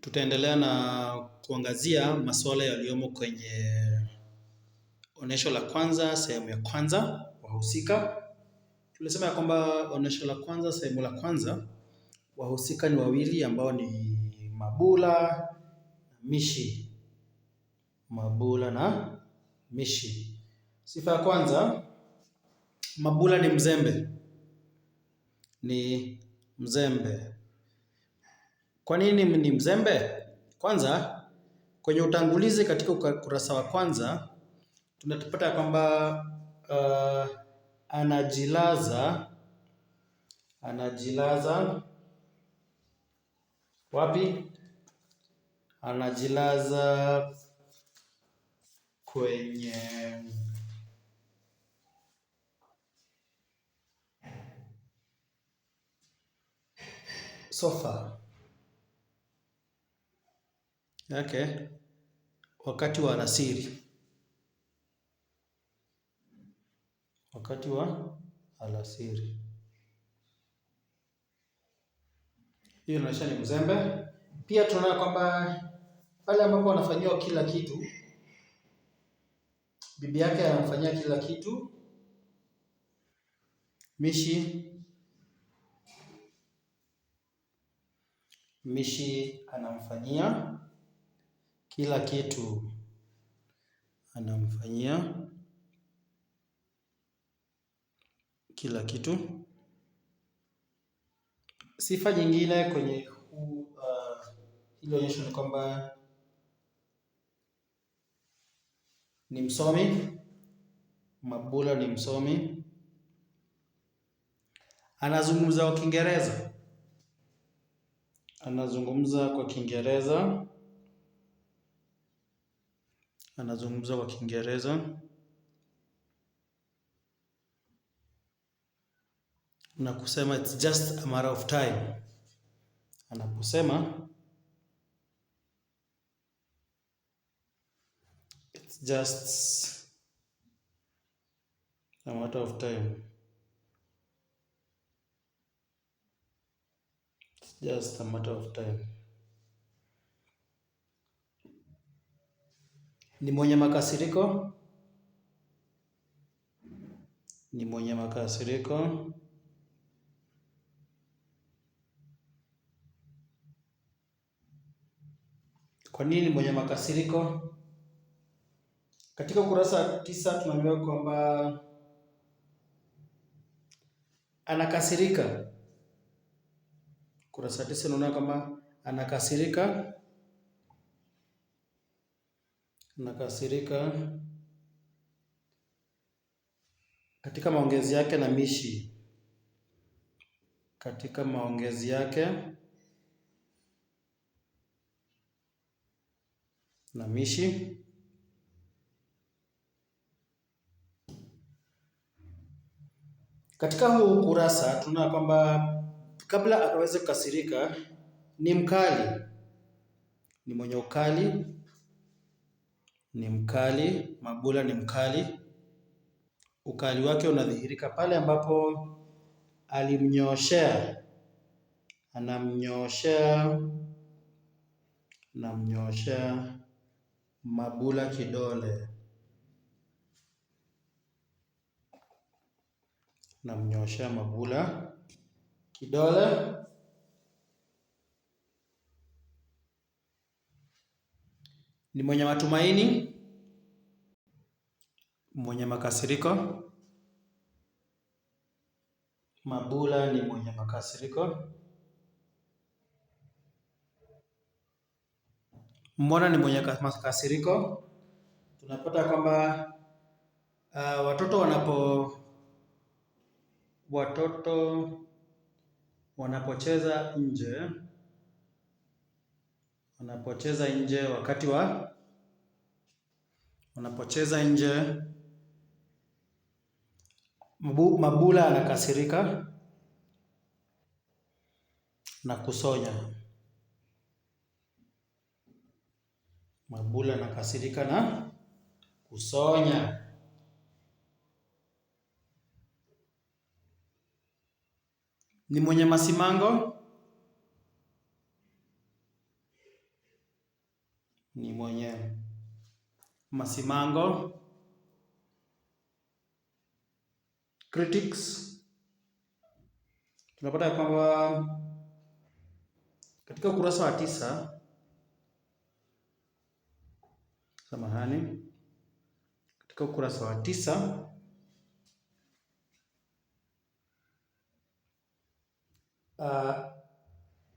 Tutaendelea na kuangazia masuala yaliyomo kwenye onyesho la kwanza sehemu ya kwanza, wahusika. Tulisema ya kwamba onyesho la kwanza sehemu la kwanza, wahusika ni wawili ambao ni Mabula Mishi. Mabula na Mishi. Sifa ya kwanza, Mabula ni mzembe, ni mzembe. Kwa nini ni mzembe? Kwanza, kwenye utangulizi katika ukurasa wa kwanza tunatupata kwamba uh, anajilaza anajilaza wapi? Anajilaza kwenye sofa yake wakati wa alasiri, wakati wa alasiri. Hiyo inaonyesha ni mzembe. Pia tunaona kwamba pale ambapo anafanyiwa kila kitu, bibi yake anamfanyia kila kitu. Mishi Mishi anamfanyia kila kitu anamfanyia kila kitu. Sifa nyingine kwenye huu uh, hilo onyesho ni kwamba ni msomi. Mabula ni msomi, anazungumza kwa Kiingereza, anazungumza kwa Kiingereza anazungumza kwa Kiingereza na kusema it's just a matter of time, anaposema it's just a matter of time, it's just a matter of time. Ni mwenye makasiriko, ni mwenye makasiriko. Kwa nini ni mwenye makasiriko? Katika ukurasa tisa tunaambiwa kwamba anakasirika. kurasa tisa unaona kwamba anakasirika nakasirika. Katika maongezi yake na mishi, katika maongezi yake na mishi katika huu kurasa tuna kwamba kabla akaweze kukasirika, ni mkali, ni mwenye ukali ni mkali, mabula ni mkali. Ukali wake unadhihirika pale ambapo alimnyooshea, anamnyooshea, anamnyooshea mabula kidole, anamnyooshea mabula kidole ni mwenye matumaini, mwenye makasiriko. Mabula ni mwenye makasiriko. Mbona ni mwenye makasiriko? Tunapata kwamba uh, watoto wanapo watoto wanapocheza nje wanapocheza nje wakati wa wanapocheza nje Mbu, Mabula anakasirika na kusonya. Mabula anakasirika na kusonya. Ni mwenye masimango ni mwenye Masimango critics, tunapata kwamba katika ukurasa wa tisa, samahani, katika ukurasa wa tisa uh,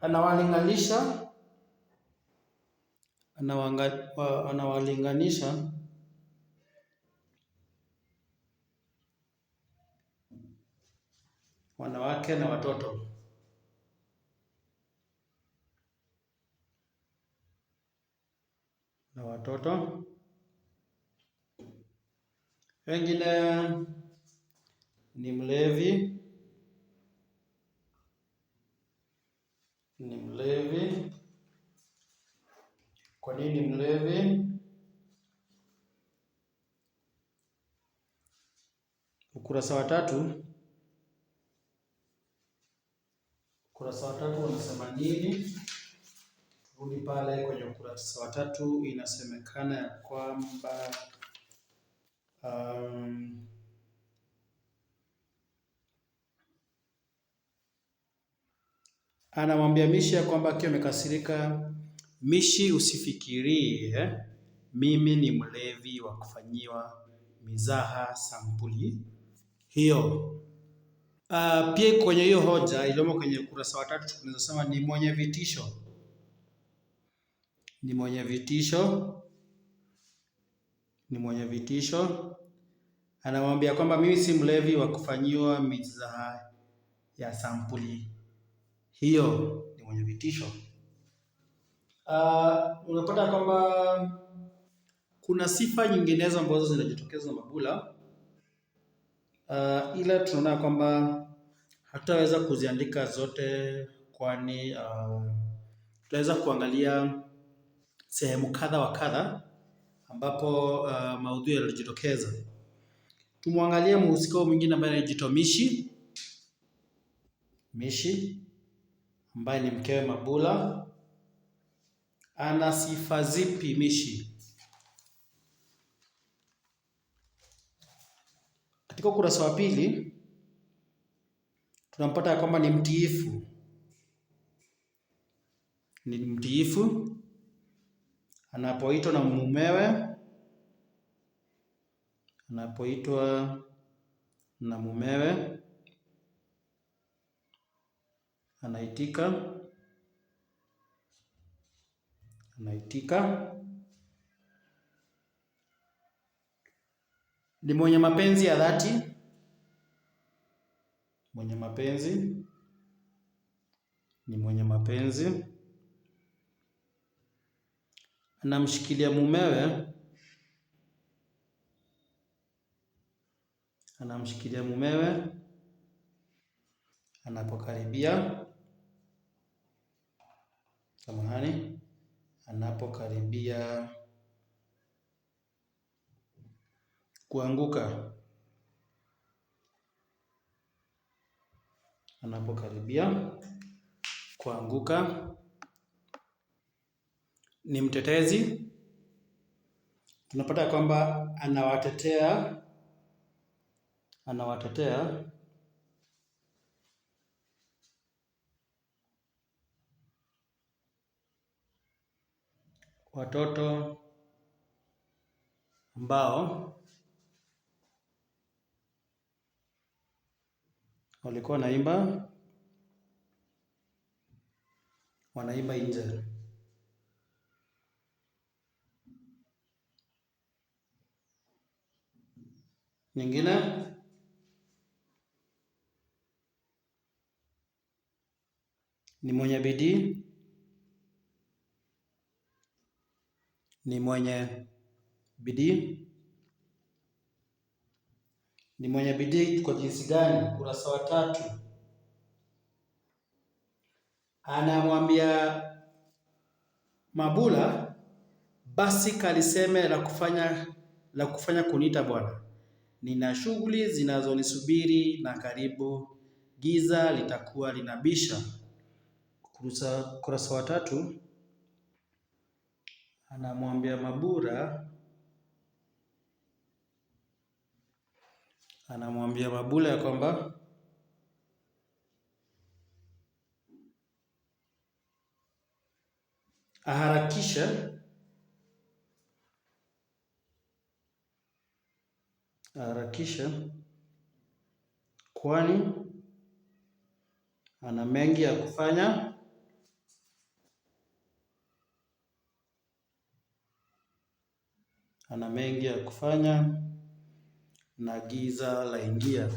anawalinganisha anawalinganisha wanawake na watoto. Na watoto wengine ni mlevi, ni mlevi kwa nini mlevi? Ukurasa wa tatu, ukurasa wa tatu unasema nini? Turudi pale kwenye ukurasa wa tatu, inasemekana ya kwamba um, anamwambia Misha kwamba akiwa amekasirika Mishi, usifikirie mimi ni mlevi wa kufanyiwa mizaha sampuli hiyo. Uh, pia kwenye hiyo hoja iliyomo kwenye ukurasa wa tatu tunasema ni mwenye vitisho, ni mwenye vitisho, ni mwenye vitisho. Anamwambia kwamba mimi si mlevi wa kufanyiwa mizaha ya sampuli hiyo, ni mwenye vitisho uh, unapata kwamba kuna sifa nyinginezo ambazo zinajitokeza na Mabula uh, ila tunaona kwamba hatutaweza kuziandika zote, kwani uh, tutaweza kuangalia sehemu kadha wa kadha ambapo uh, maudhui yalijitokeza. Tumwangalie mhusika mwingine ambaye anaitwa Mishi Mishi ambaye ni mkewe Mabula ana sifa zipi Mishi? Katika ukurasa wa pili tunampata kwamba ni mtiifu, ni mtiifu anapoitwa na mumewe, anapoitwa na mumewe anaitika Naitika. Ni mwenye mapenzi ya dhati, mwenye mapenzi, ni mwenye mapenzi. Anamshikilia mumewe, anamshikilia mumewe anapokaribia. Samahani anapokaribia kuanguka, anapokaribia kuanguka. Ni mtetezi, tunapata kwamba anawatetea, anawatetea watoto ambao walikuwa wanaimba wanaimba nje. Nyingine ni mwenye bidii ni mwenye bidii. Ni mwenye bidii kwa jinsi gani? Kurasa wa tatu, anamwambia Mabula, basi kaliseme la kufanya la kufanya kuniita Bwana, nina shughuli zinazonisubiri na karibu giza litakuwa linabisha. Kurasa wa tatu anamwambia Mabura anamwambia Mabula ya kwamba aharakisha aharakisha, kwani ana mengi ya kufanya ana mengi ya kufanya na giza la ingia.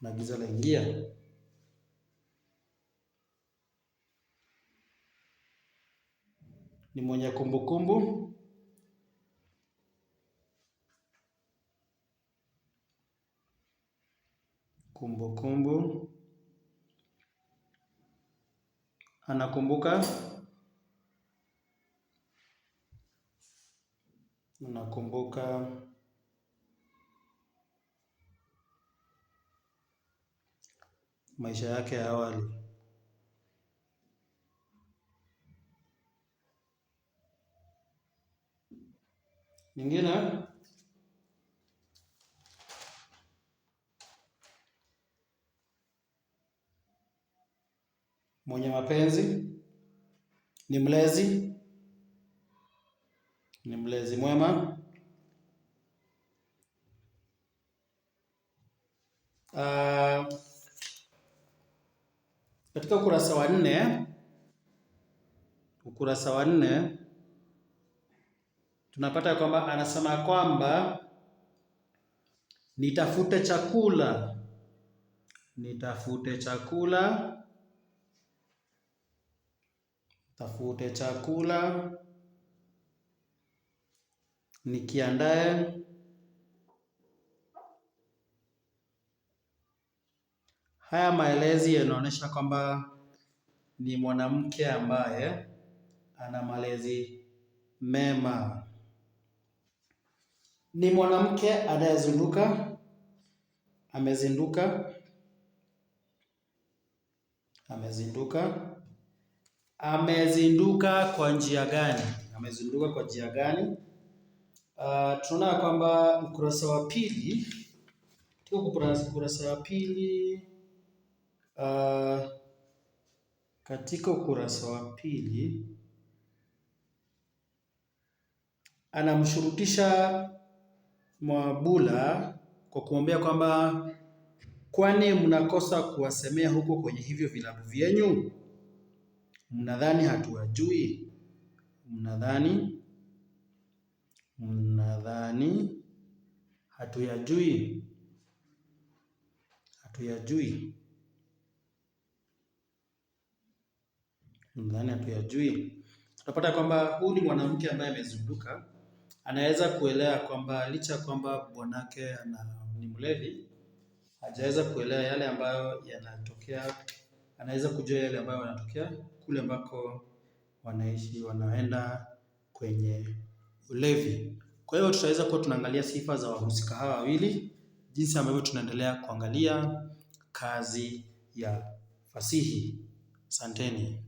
Na giza la ingia. Ni mwenye kumbukumbu kumbu. Kumbukumbu anakumbuka anakumbuka maisha yake ya awali. Nyingine mwenye mapenzi, ni mlezi, ni mlezi mwema. Uh, katika ukurasa wa nne ukurasa wa nne tunapata kwamba anasema kwamba nitafute chakula nitafute chakula Tafute chakula nikiandae. Haya maelezi yanaonyesha kwamba ni mwanamke ambaye ana malezi mema, ni mwanamke anayezinduka, amezinduka, amezinduka amezinduka kwa njia gani? Amezinduka kwa njia gani? Uh, tunaona kwamba ukurasa wa pili, tuko ukurasa wa pili uh, katika ukurasa wa pili anamshurutisha Mwabula kwa kumwambia kwamba kwani mnakosa kuwasemea huko kwenye hivyo vilabu vyenyu? Mnadhani hatuwajui? Mnadhani mnadhani hatuyajui? Hatuyajui? Mnadhani hatuyajui? Tutapata kwamba huyu ni mwanamke ambaye amezunduka, anaweza kuelewa kwamba licha ya kwamba bwanake ni mlevi, hajaweza kuelewa yale ambayo yanatokea anaweza kujua yale ambayo wanatokea kule ambako wanaishi, wanaenda kwenye ulevi. Kwa hiyo tutaweza kuwa tunaangalia sifa za wahusika hawa wawili, jinsi ambavyo tunaendelea kuangalia kazi ya fasihi. Asanteni.